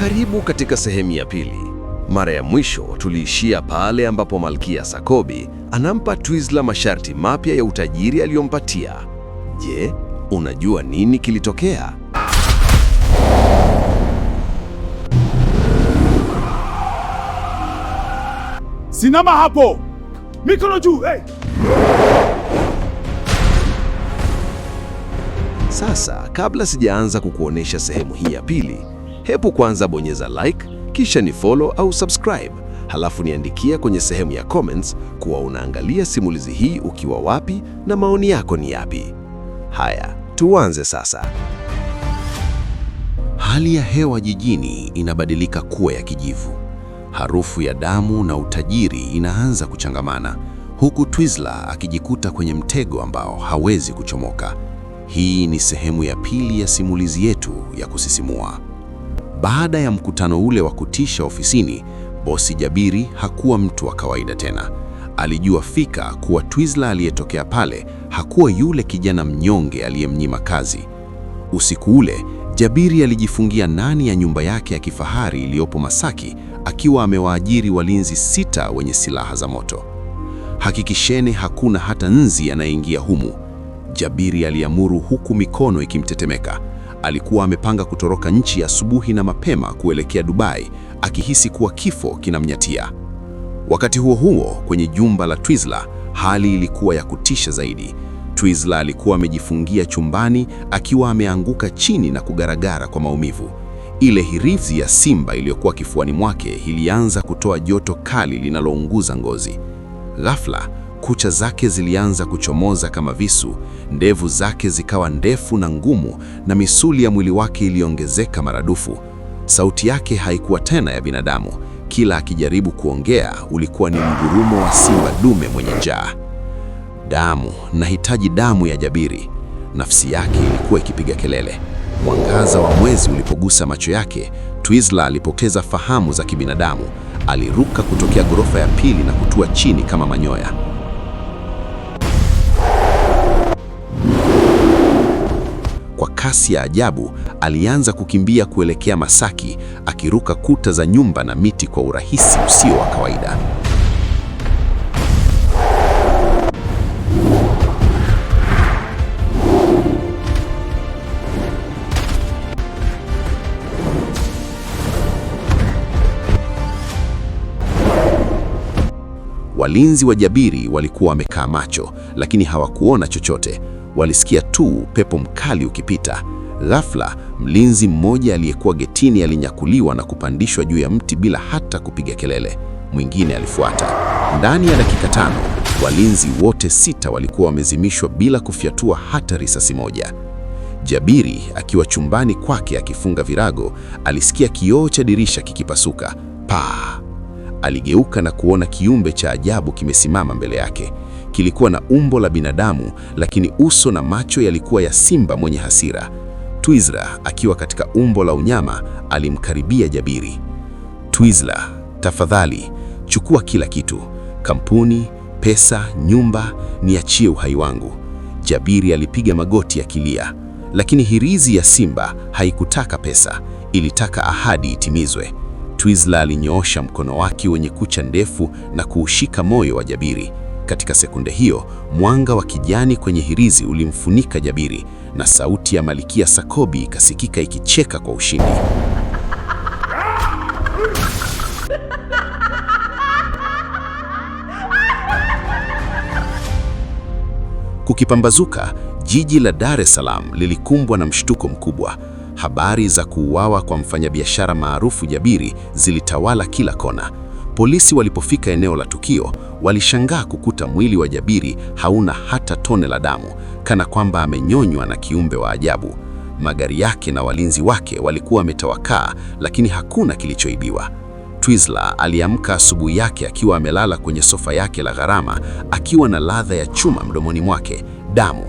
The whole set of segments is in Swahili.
Karibu katika sehemu ya pili. Mara ya mwisho tuliishia pale ambapo Malkia Sakobi anampa Twizzler masharti mapya ya utajiri aliyompatia. Je, unajua nini kilitokea? sinama hapo! Mikono juu, hey! Sasa kabla sijaanza kukuonesha sehemu hii ya pili Hebu kwanza bonyeza like, kisha ni follow au subscribe, halafu niandikia kwenye sehemu ya comments kuwa unaangalia simulizi hii ukiwa wapi na maoni yako ni yapi. Haya, tuanze sasa. Hali ya hewa jijini inabadilika kuwa ya kijivu. Harufu ya damu na utajiri inaanza kuchangamana, huku Twizzler akijikuta kwenye mtego ambao hawezi kuchomoka. Hii ni sehemu ya pili ya simulizi yetu ya kusisimua. Baada ya mkutano ule wa kutisha ofisini, bosi Jabiri hakuwa mtu wa kawaida tena. Alijua fika kuwa Twizzler aliyetokea pale hakuwa yule kijana mnyonge aliyemnyima kazi. Usiku ule Jabiri alijifungia ndani ya nyumba yake ya kifahari iliyopo Masaki, akiwa amewaajiri walinzi sita wenye silaha za moto. Hakikisheni hakuna hata nzi anayeingia humu, Jabiri aliamuru, huku mikono ikimtetemeka. Alikuwa amepanga kutoroka nchi asubuhi na mapema kuelekea Dubai, akihisi kuwa kifo kinamnyatia. Wakati huo huo, kwenye jumba la Twizzler hali ilikuwa ya kutisha zaidi. Twizzler alikuwa amejifungia chumbani akiwa ameanguka chini na kugaragara kwa maumivu. Ile hirizi ya simba iliyokuwa kifuani mwake ilianza kutoa joto kali linalounguza ngozi. Ghafla kucha zake zilianza kuchomoza kama visu, ndevu zake zikawa ndefu na ngumu, na misuli ya mwili wake iliongezeka maradufu. Sauti yake haikuwa tena ya binadamu. Kila akijaribu kuongea ulikuwa ni mgurumo wa simba dume mwenye njaa. Damu, nahitaji damu ya Jabiri. Nafsi yake ilikuwa ikipiga kelele. Mwangaza wa mwezi ulipogusa macho yake, Twizzler alipoteza fahamu za kibinadamu. Aliruka kutokea ghorofa ya pili na kutua chini kama manyoya. kasi ya ajabu, alianza kukimbia kuelekea Masaki, akiruka kuta za nyumba na miti kwa urahisi usio wa kawaida. Walinzi wa Jabiri walikuwa wamekaa macho, lakini hawakuona chochote. Walisikia tu pepo mkali ukipita. Ghafla, mlinzi mmoja aliyekuwa getini alinyakuliwa na kupandishwa juu ya mti bila hata kupiga kelele. Mwingine alifuata. Ndani ya dakika tano, walinzi wote sita walikuwa wamezimishwa bila kufyatua hata risasi moja. Jabiri akiwa chumbani kwake akifunga virago, alisikia kioo cha dirisha kikipasuka. Paa! Aligeuka na kuona kiumbe cha ajabu kimesimama mbele yake. Kilikuwa na umbo la binadamu, lakini uso na macho yalikuwa ya simba mwenye hasira. Twizzler akiwa katika umbo la unyama alimkaribia Jabiri. Twizzler, tafadhali chukua kila kitu, kampuni, pesa, nyumba, niachie uhai wangu. Jabiri alipiga magoti akilia, lakini hirizi ya simba haikutaka pesa, ilitaka ahadi itimizwe. Twizzler alinyoosha mkono wake wenye kucha ndefu na kuushika moyo wa Jabiri. Katika sekunde hiyo, mwanga wa kijani kwenye hirizi ulimfunika Jabiri na sauti ya Malkia Sakobi ikasikika ikicheka kwa ushindi. Kukipambazuka, jiji la Dar es Salaam lilikumbwa na mshtuko mkubwa habari za kuuawa kwa mfanyabiashara maarufu Jabiri zilitawala kila kona. Polisi walipofika eneo la tukio, walishangaa kukuta mwili wa Jabiri hauna hata tone la damu, kana kwamba amenyonywa na kiumbe wa ajabu. Magari yake na walinzi wake walikuwa wametawakaa, lakini hakuna kilichoibiwa. Twizzler aliamka asubuhi yake akiwa amelala kwenye sofa yake la gharama, akiwa na ladha ya chuma mdomoni mwake, damu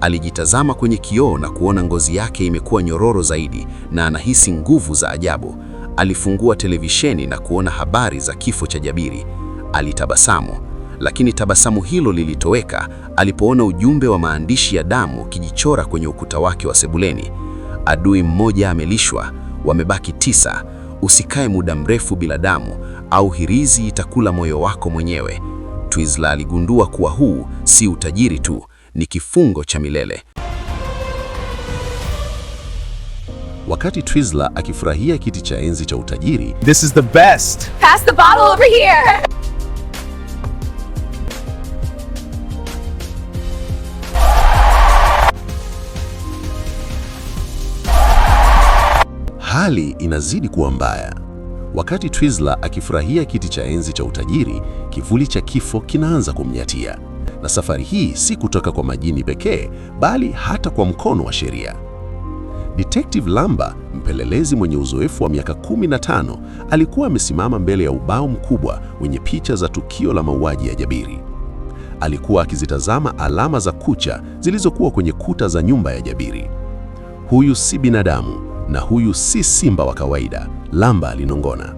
Alijitazama kwenye kioo na kuona ngozi yake imekuwa nyororo zaidi na anahisi nguvu za ajabu. Alifungua televisheni na kuona habari za kifo cha Jabiri. Alitabasamu, lakini tabasamu hilo lilitoweka alipoona ujumbe wa maandishi ya damu kijichora kwenye ukuta wake wa sebuleni. Adui mmoja amelishwa, wamebaki tisa. Usikae muda mrefu bila damu au hirizi itakula moyo wako mwenyewe. Twizzler aligundua kuwa huu si utajiri tu ni kifungo cha milele. Wakati Trizla akifurahia kiti cha enzi cha utajiri, This is the best. Pass the bottle over here. Hali inazidi kuwa mbaya. Wakati Trizla akifurahia kiti cha enzi cha utajiri, kivuli cha kifo kinaanza kumnyatia na safari hii si kutoka kwa majini pekee, bali hata kwa mkono wa sheria. Detective Lamba, mpelelezi mwenye uzoefu wa miaka 15, alikuwa amesimama mbele ya ubao mkubwa wenye picha za tukio la mauaji ya Jabiri. Alikuwa akizitazama alama za kucha zilizokuwa kwenye kuta za nyumba ya Jabiri. Huyu si binadamu na huyu si simba wa kawaida, Lamba alinong'ona.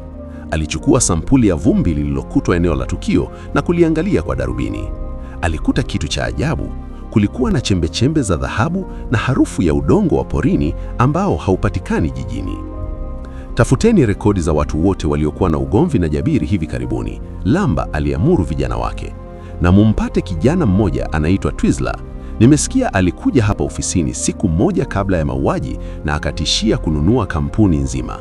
Alichukua sampuli ya vumbi lililokutwa eneo la tukio na kuliangalia kwa darubini alikuta kitu cha ajabu. Kulikuwa na chembechembe za dhahabu na harufu ya udongo wa porini ambao haupatikani jijini. Tafuteni rekodi za watu wote waliokuwa na ugomvi na Jabiri hivi karibuni, Lamba aliamuru vijana wake, na mumpate kijana mmoja anaitwa Twizzler. Nimesikia alikuja hapa ofisini siku moja kabla ya mauaji na akatishia kununua kampuni nzima.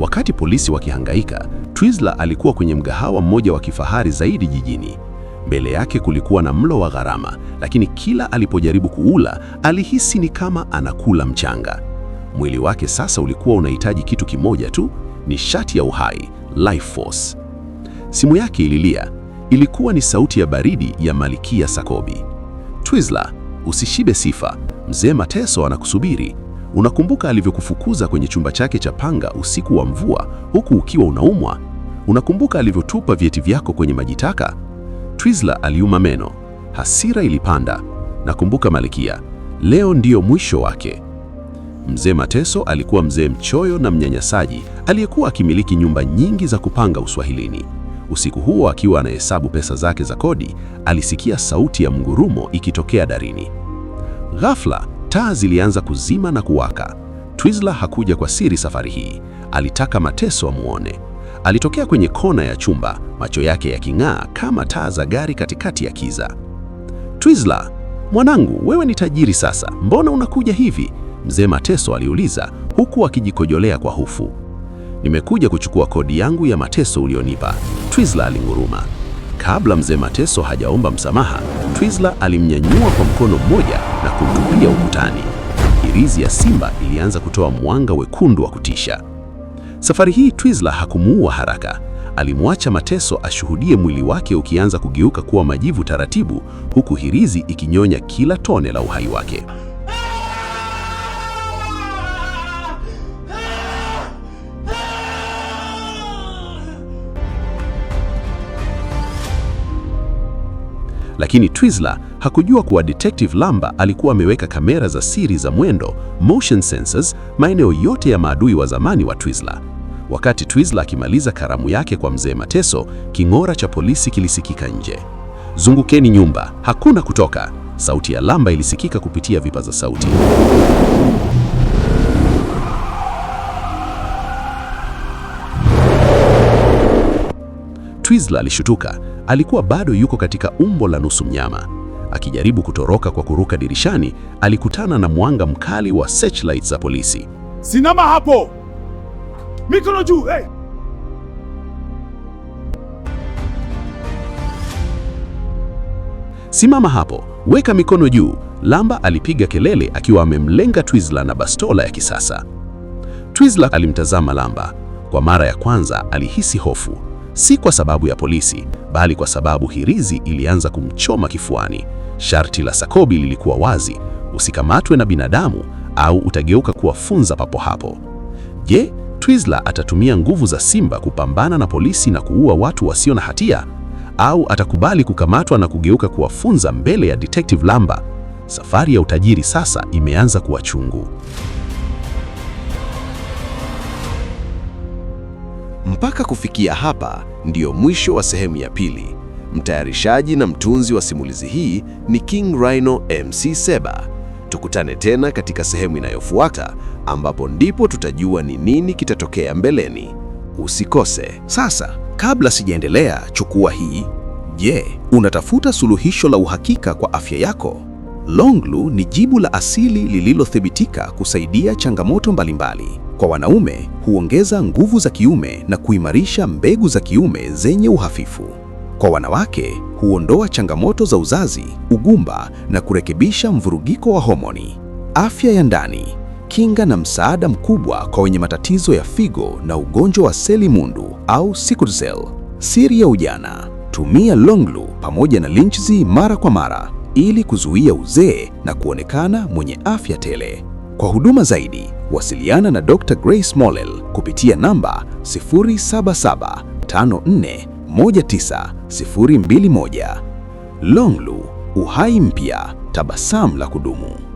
Wakati polisi wakihangaika, Twizzler alikuwa kwenye mgahawa mmoja wa kifahari zaidi jijini. Mbele yake kulikuwa na mlo wa gharama, lakini kila alipojaribu kuula alihisi ni kama anakula mchanga. Mwili wake sasa ulikuwa unahitaji kitu kimoja tu, nishati ya uhai, life force. Simu yake ililia. Ilikuwa ni sauti ya baridi ya Malikia Sakobi. Twizzler, usishibe sifa, mzee Mateso anakusubiri. Unakumbuka alivyokufukuza kwenye chumba chake cha panga usiku wa mvua huku ukiwa unaumwa? Unakumbuka alivyotupa vyeti vyako kwenye maji taka? Twizzler aliuma meno, hasira ilipanda. Nakumbuka malikia leo ndiyo mwisho wake. Mzee Mateso alikuwa mzee mchoyo na mnyanyasaji aliyekuwa akimiliki nyumba nyingi za kupanga Uswahilini. Usiku huo akiwa anahesabu pesa zake za kodi, alisikia sauti ya mngurumo ikitokea darini. Ghafla Taa zilianza kuzima na kuwaka. Twizzler hakuja kwa siri safari hii, alitaka Mateso amuone. Alitokea kwenye kona ya chumba, macho yake yaking'aa kama taa za gari katikati ya kiza. Twizzler, mwanangu, wewe ni tajiri sasa, mbona unakuja hivi? Mzee Mateso aliuliza, huku akijikojolea kwa hofu. Nimekuja kuchukua kodi yangu ya mateso ulionipa, Twizzler alinguruma. Kabla mzee Mateso hajaomba msamaha, Twizzler alimnyanyua kwa mkono mmoja na kumtupia ukutani. Hirizi ya simba ilianza kutoa mwanga wekundu wa kutisha. Safari hii Twizzler hakumuua haraka. Alimwacha Mateso ashuhudie mwili wake ukianza kugeuka kuwa majivu taratibu, huku hirizi ikinyonya kila tone la uhai wake. lakini Twizzler hakujua kuwa Detective Lamba alikuwa ameweka kamera za siri za mwendo, motion sensors, maeneo yote ya maadui wa zamani wa Twizzler. Wakati Twizzler akimaliza karamu yake kwa mzee Mateso, king'ora cha polisi kilisikika nje. Zungukeni nyumba, hakuna kutoka. Sauti ya Lamba ilisikika kupitia vipaza sauti. Twizzler alishutuka. Alikuwa bado yuko katika umbo la nusu mnyama. Akijaribu kutoroka kwa kuruka dirishani, alikutana na mwanga mkali wa searchlights za polisi. Sinama hapo, mikono juu! Hey! Simama hapo, weka mikono juu! Lamba alipiga kelele akiwa amemlenga Twizzler na bastola ya kisasa. Twizzler alimtazama Lamba. Kwa mara ya kwanza alihisi hofu si kwa sababu ya polisi, bali kwa sababu hirizi ilianza kumchoma kifuani. Sharti la Sakobi lilikuwa wazi: usikamatwe na binadamu au utageuka kuwa funza papo hapo. Je, Twizzler atatumia nguvu za simba kupambana na polisi na kuua watu wasio na hatia, au atakubali kukamatwa na kugeuka kuwa funza mbele ya Detective Lamba? Safari ya utajiri sasa imeanza kuwa chungu. Mpaka kufikia hapa ndiyo mwisho wa sehemu ya pili. Mtayarishaji na mtunzi wa simulizi hii ni King Rhino MC Seba. Tukutane tena katika sehemu inayofuata ambapo ndipo tutajua ni nini kitatokea mbeleni. Usikose. Sasa, kabla sijaendelea, chukua hii. Je, unatafuta suluhisho la uhakika kwa afya yako? Longlu ni jibu la asili lililothibitika kusaidia changamoto mbalimbali. Kwa wanaume huongeza nguvu za kiume na kuimarisha mbegu za kiume zenye uhafifu. Kwa wanawake huondoa changamoto za uzazi, ugumba na kurekebisha mvurugiko wa homoni. Afya ya ndani, kinga na msaada mkubwa kwa wenye matatizo ya figo na ugonjwa wa seli mundu au sickle cell. Siri ya ujana, tumia longlu pamoja na linchzi mara kwa mara ili kuzuia uzee na kuonekana mwenye afya tele. Kwa huduma zaidi Wasiliana na Dr. Grace Mollel kupitia namba 0775419021. Longlu, uhai mpya, tabasamu la kudumu.